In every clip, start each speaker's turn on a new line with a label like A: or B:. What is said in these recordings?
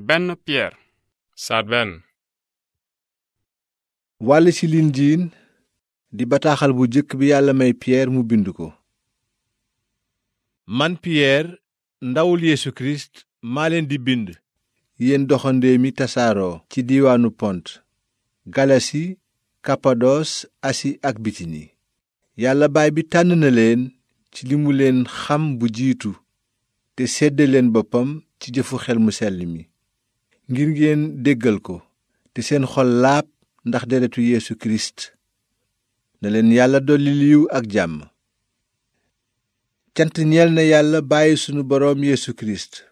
A: benn Pierre. saar benn. wàll ci linjiin di bataaxal bu jëkk bi yàlla may Pierre mu bind ko. man Pierre ndawul Yeesu Kirist maa leen di bind. yéen doxandee mi tasaaroo. ci diwaanu Pont. Galasi Kapados Asi ak Bitini. yàlla baay bi tànn na leen ci li mu leen xam bu jiitu te sedde leen boppam ci jëfu xel mu sell mi ngir ngeen déggal ko te seen xol laab ndax deretu Yeesu Kirist na leen yàlla dolli liw ak jàmm cant ñeel na yàlla bàyyi sunu boroom Yeesu Kirist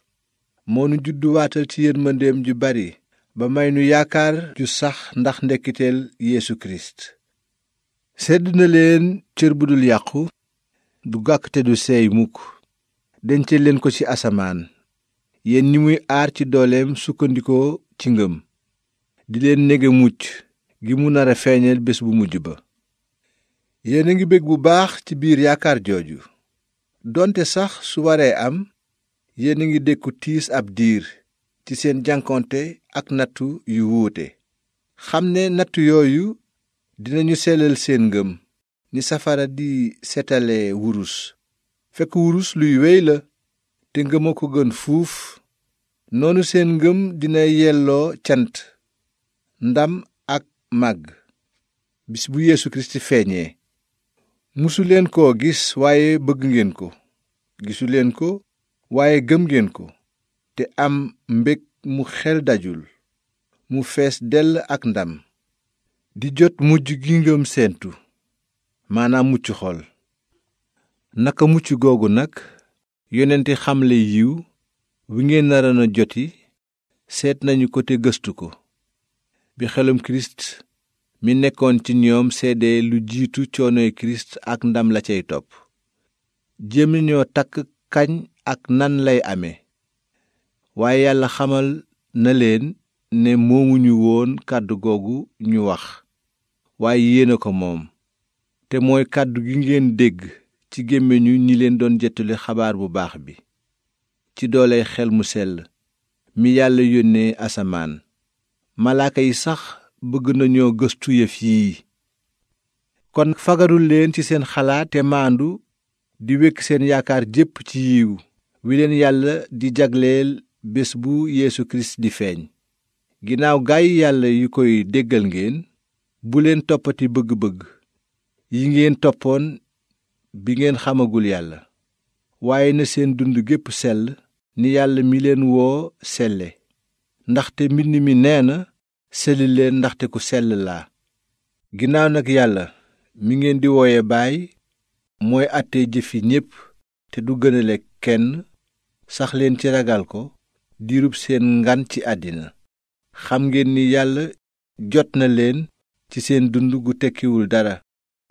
A: moo nu judduwaatal ci yërmandeem ju bari ba may nu yaakaar ju sax ndax ndekkiteel Yeesu Kirist sedd na leen cër bu dul yàqu du gàkk te du seey mukk dencal leen ko ci asamaan yéen ñi muy aar ci dooleem sukkandikoo ci ngëm di leen néga mucc gi mu nar a feeñal bés bu mujj ba yéen a ngi bég bu baax ci biir yaakaar jooju doonte sax su waree am yéen a ngi dékku tiis ab diir ci seen jànkonte ak nattu yu wuute xam ne nattu yooyu dinañu selal seen ngëm ni safara di setale wurus fekk wurus luy wéy la te ngëma ko gën fuuf noonu seen ngëm dina yelloo cant ndam ak màgg bis bu Yeesu Kirist feeñee musuleen koo gis waaye bëgg ngeen ko gisuleen ko waaye gëm ngeen ko te am mbég mu xel dajul mu fees dell ak ndam di jot mujj gi ngëm seentu maanaam mucc xol naka mucc googu nag yonente xamle yiw wi ngeen naroon a joti seet nañu ko te gëstu ko bi xelum kirist mi nekkoon ci ñoom seede lu jiitu coonoy kirist ak ndam la cay topp jéem nañoo takk kañ ak nan lay ame waaye yàlla xamal na leen ne moomuñu woon kàddu googu ñu wax waaye yéen a ko moom te mooy kàddu gi ngeen dégg ci gémmiñu ñi leen doon jettali xabaar bu baax bi ci doole xel mu sell mi yàlla yónnee asamaan malaaka yi sax bëgg nañoo gëstu yëf yii kon fagarul leen ci seen xalaat te maandu di wekk seen yaakaar jépp ci yiw wi leen yàlla di jagleel bés bu yéesu kirist di feeñ ginnaaw gaay yàlla yu koy déggal ngéen bu leen toppati bëgg-bëgg yi ngeen toppoon bi ngeen xamagul yàlla waaye na seen dund gépp sell ni yàlla mi leen woo selle ndaxte mbind mi nee na selli ndaxte ku sell laa ginnaaw nag yàlla mi ngeen di wooye baay mooy àtte jëfi ñépp te du gënale kenn saxleen ci ragal ko diirub seen ngan ci àddina xam ngeen ni yàlla jot na leen ci seen dund gu tekkiwul dara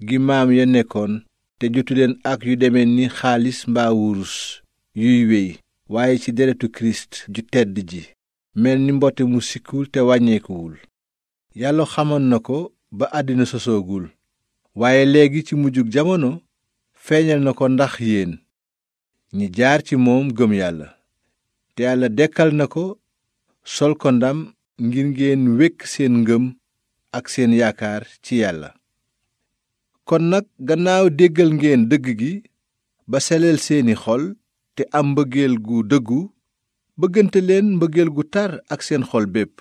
A: gi maam ya nekkoon te jotu leen ak yu deme ni xaalis mbaa wurus yuy wey waaye ci deretu kirist ju tedd ji mel ni mbote mu sikkul te wàññeekuwul yàlla xamoon na ko ba àddina sosoogul waaye léegi ci mujjug jamono feeñal na ko ndax yéen ñi jaar ci moom gëm yàlla te yàlla dekkal na ko sol ko ndam ngir ngeen wékk seen ngëm ak seen yaakaar ci yàlla kon nag gannaaw déggal ngeen dëgg gi ba seleel seeni xol te am mbëggeel gu dëggu bëggante leen mbëggeel gu tar ak seen xol bépp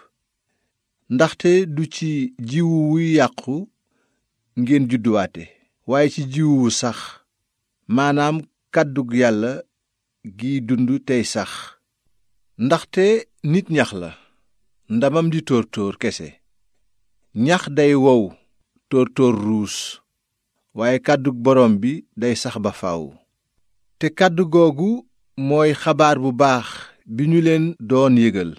A: ndaxte du ci jiwu wuy yàqu ngeen judduwaate waaye ci jiwu wu sax maanaam kàddug yàlla giy dund tey sax ndaxte nit ñax la ndamam di tóor kese ñax day wow tóortóor ruus waaye kàddug borom bi day sax ba faw te kàddu googu mooy xabaar bu baax bi ñu leen doon yégal